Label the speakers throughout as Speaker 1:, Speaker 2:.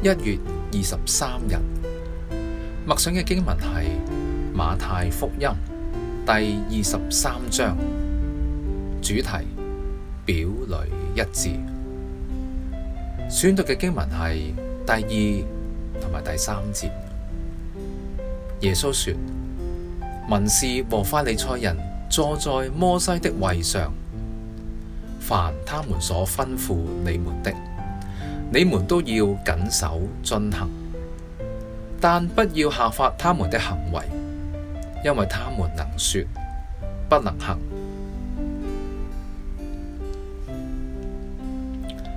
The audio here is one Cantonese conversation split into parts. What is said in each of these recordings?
Speaker 1: 一月二十三日默想嘅經文係馬太福音第二十三章，主題表裡一致。選讀嘅經文係第二同埋第三節。耶穌說：文士和法利賽人坐在摩西的位上，凡他們所吩咐你們的。你們都要謹守遵行，但不要效法他們的行為，因為他們能說不能行。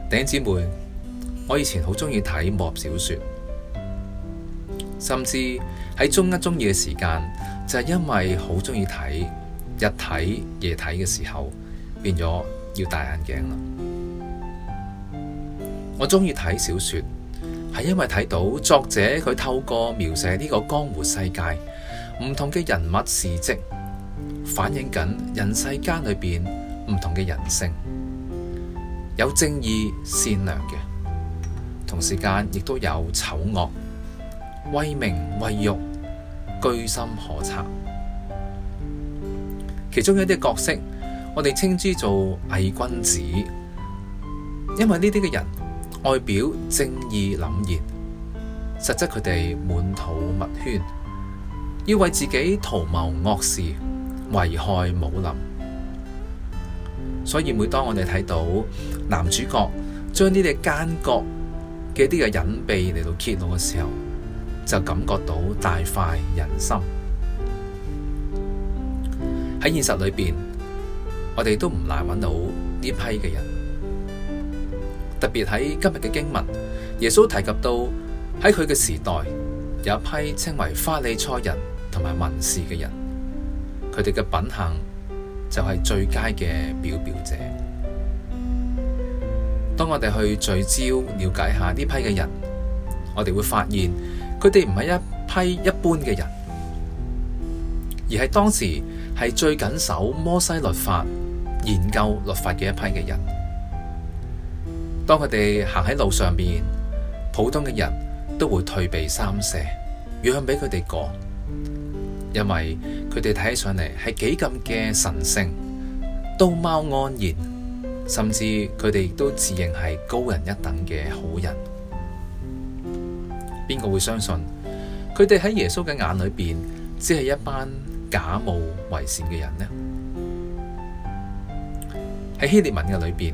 Speaker 1: 頂姊妹，我以前好鍾意睇武俠小說，甚至喺中一中二嘅時間就係、是、因為好鍾意睇，日睇夜睇嘅時候變咗要戴眼鏡啦。我中意睇小說，係因為睇到作者佢透過描寫呢個江湖世界，唔同嘅人物事跡，反映緊人世間裏邊唔同嘅人性，有正義善良嘅，同時間亦都有醜惡、為名為慾、居心叵測。其中有一啲角色，我哋稱之做偽君子，因為呢啲嘅人。外表正義凛然，實質佢哋滿肚密圈，要為自己圖謀惡事，危害武林。所以每當我哋睇到男主角將呢啲奸角嘅啲嘅隱秘嚟到揭露嘅時候，就感覺到大快人心。喺現實裏邊，我哋都唔難揾到呢批嘅人。特別喺今日嘅經文，耶穌提及到喺佢嘅時代，有一批稱為法利賽人同埋文士嘅人，佢哋嘅品行就係最佳嘅表表者。當我哋去聚焦了解下呢批嘅人，我哋會發現佢哋唔係一批一般嘅人，而係當時係最緊守摩西律法、研究律法嘅一批嘅人。當佢哋行喺路上邊，普通嘅人都會退避三舍，遠讓俾佢哋過，因為佢哋睇起上嚟係幾咁嘅神聖，道貌岸然，甚至佢哋都自認係高人一等嘅好人。邊個會相信佢哋喺耶穌嘅眼裏邊，只係一班假冒為善嘅人呢？喺希列文嘅裏邊。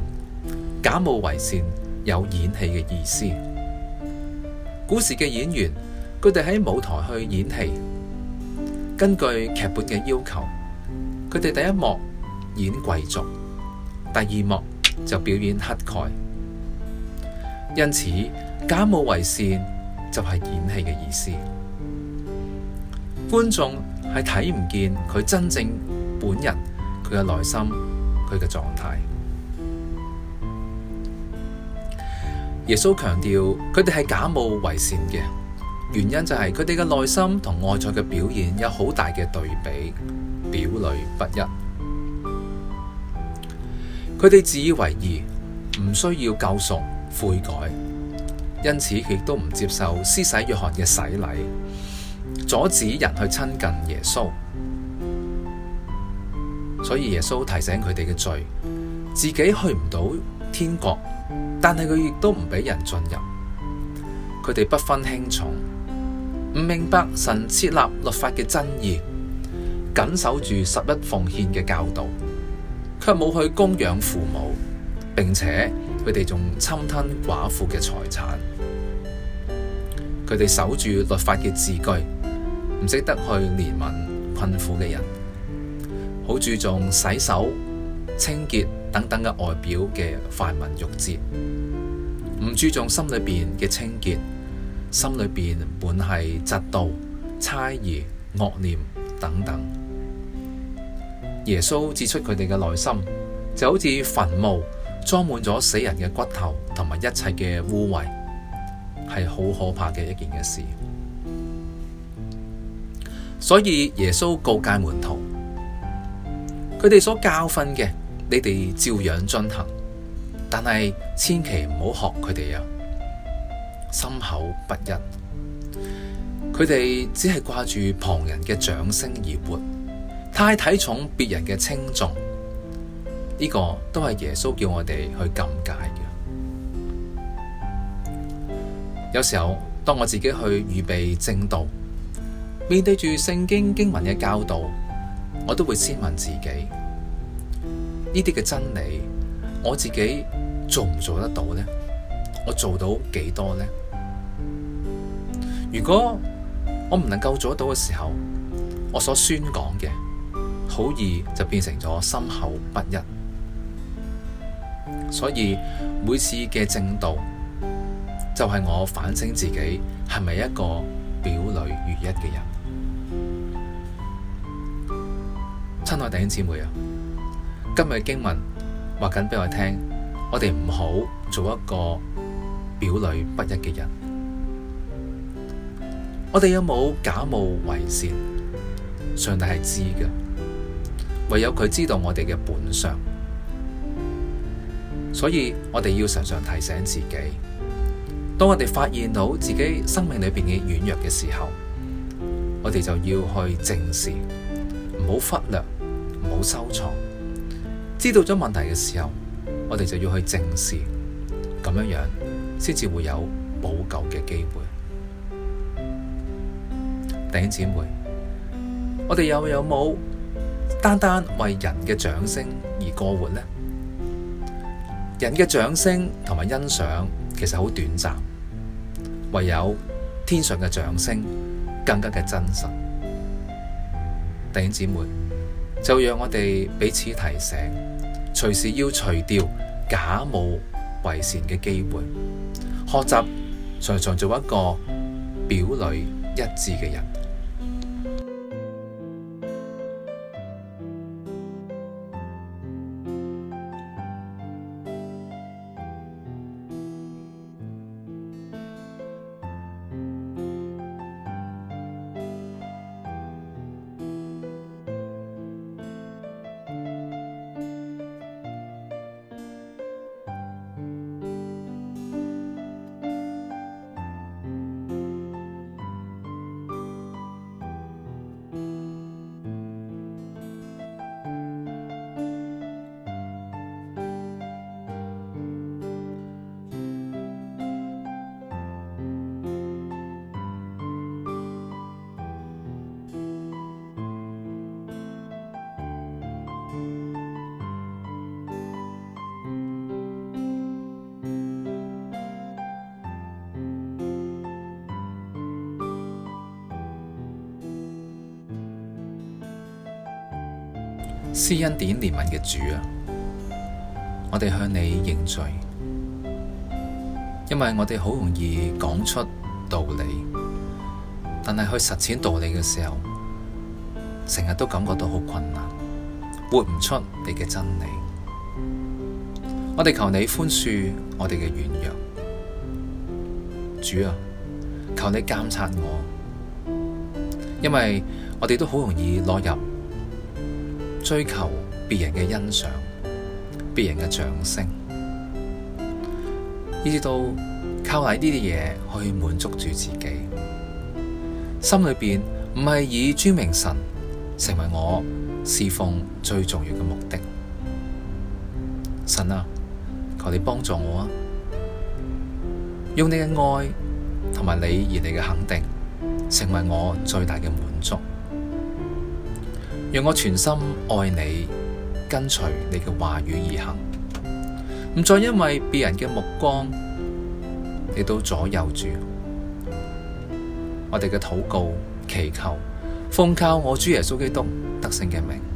Speaker 1: 假冒為善有演戲嘅意思。古時嘅演員，佢哋喺舞台去演戲，根據劇本嘅要求，佢哋第一幕演貴族，第二幕就表演乞丐。因此，假冒為善就係、是、演戲嘅意思。觀眾係睇唔見佢真正本人，佢嘅內心，佢嘅狀態。耶穌強調佢哋係假冒為善嘅，原因就係佢哋嘅內心同外在嘅表現有好大嘅對比，表裏不一。佢哋自以為義，唔需要救贖悔改，因此亦都唔接受施洗約翰嘅洗禮，阻止人去親近耶穌。所以耶穌提醒佢哋嘅罪，自己去唔到天國。但係佢亦都唔畀人進入，佢哋不分輕重，唔明白神設立律法嘅真意，緊守住十一奉獻嘅教導，卻冇去供養父母，並且佢哋仲侵吞寡婦嘅財產，佢哋守住律法嘅字句，唔識得去憐憫困苦嘅人，好注重洗手、清潔，等等嘅外表嘅繁文縟節，唔注重心裏邊嘅清潔，心裏邊本係嫉妒、猜疑、惡念等等。耶穌指出佢哋嘅內心就好似墳墓，裝滿咗死人嘅骨頭同埋一切嘅污穢，係好可怕嘅一件嘅事。所以耶穌告誡門徒，佢哋所教訓嘅。你哋照樣進行，但係千祈唔好學佢哋啊！心口不一，佢哋只係掛住旁人嘅掌聲而活，太睇重別人嘅輕重，呢個都係耶穌叫我哋去禁戒嘅。有時候，當我自己去預備正道，面對住聖經經文嘅教導，我都會先問自己。呢啲嘅真理，我自己做唔做得到呢？我做到幾多呢？如果我唔能夠做得到嘅時候，我所宣講嘅好易就變成咗心口不一。所以每次嘅正道，就係我反省自己係咪一個表裏如一嘅人。親愛弟兄姊妹啊！今日嘅經文話緊俾我聽，我哋唔好做一個表裡不一嘅人。我哋有冇假冒為善？上帝係知嘅，唯有佢知道我哋嘅本相。所以我哋要常常提醒自己，當我哋發現到自己生命裏邊嘅軟弱嘅時候，我哋就要去正視，唔好忽略，唔好收藏。知道咗問題嘅時候，我哋就要去正視，咁樣樣先至會有補救嘅機會。弟兄姊妹，我哋有冇單單為人嘅掌聲而過活呢？人嘅掌聲同埋欣賞其實好短暫，唯有天上嘅掌聲更加嘅真實。弟兄姊妹，就讓我哋彼此提醒。隨時要除掉假冒為善嘅機會，學習常常做一個表裡一致嘅人。施恩典憐憫嘅主啊，我哋向你認罪，因為我哋好容易講出道理，但係去實踐道理嘅時候，成日都感覺到好困難，活唔出你嘅真理。我哋求你寬恕我哋嘅軟弱，主啊，求你監察我，因為我哋都好容易落入。追求別人嘅欣賞、別人嘅掌聲，以至到靠喺呢啲嘢去滿足住自己。心裏邊唔係以尊明神成為我侍奉最重要嘅目的。神啊，求你幫助我啊！用你嘅愛同埋你而嚟嘅肯定，成為我最大嘅滿足。讓我全心愛你，跟隨你嘅話語而行，唔再因為別人嘅目光你都左右住我哋嘅禱告祈求，奉靠我主耶穌基督得勝嘅名。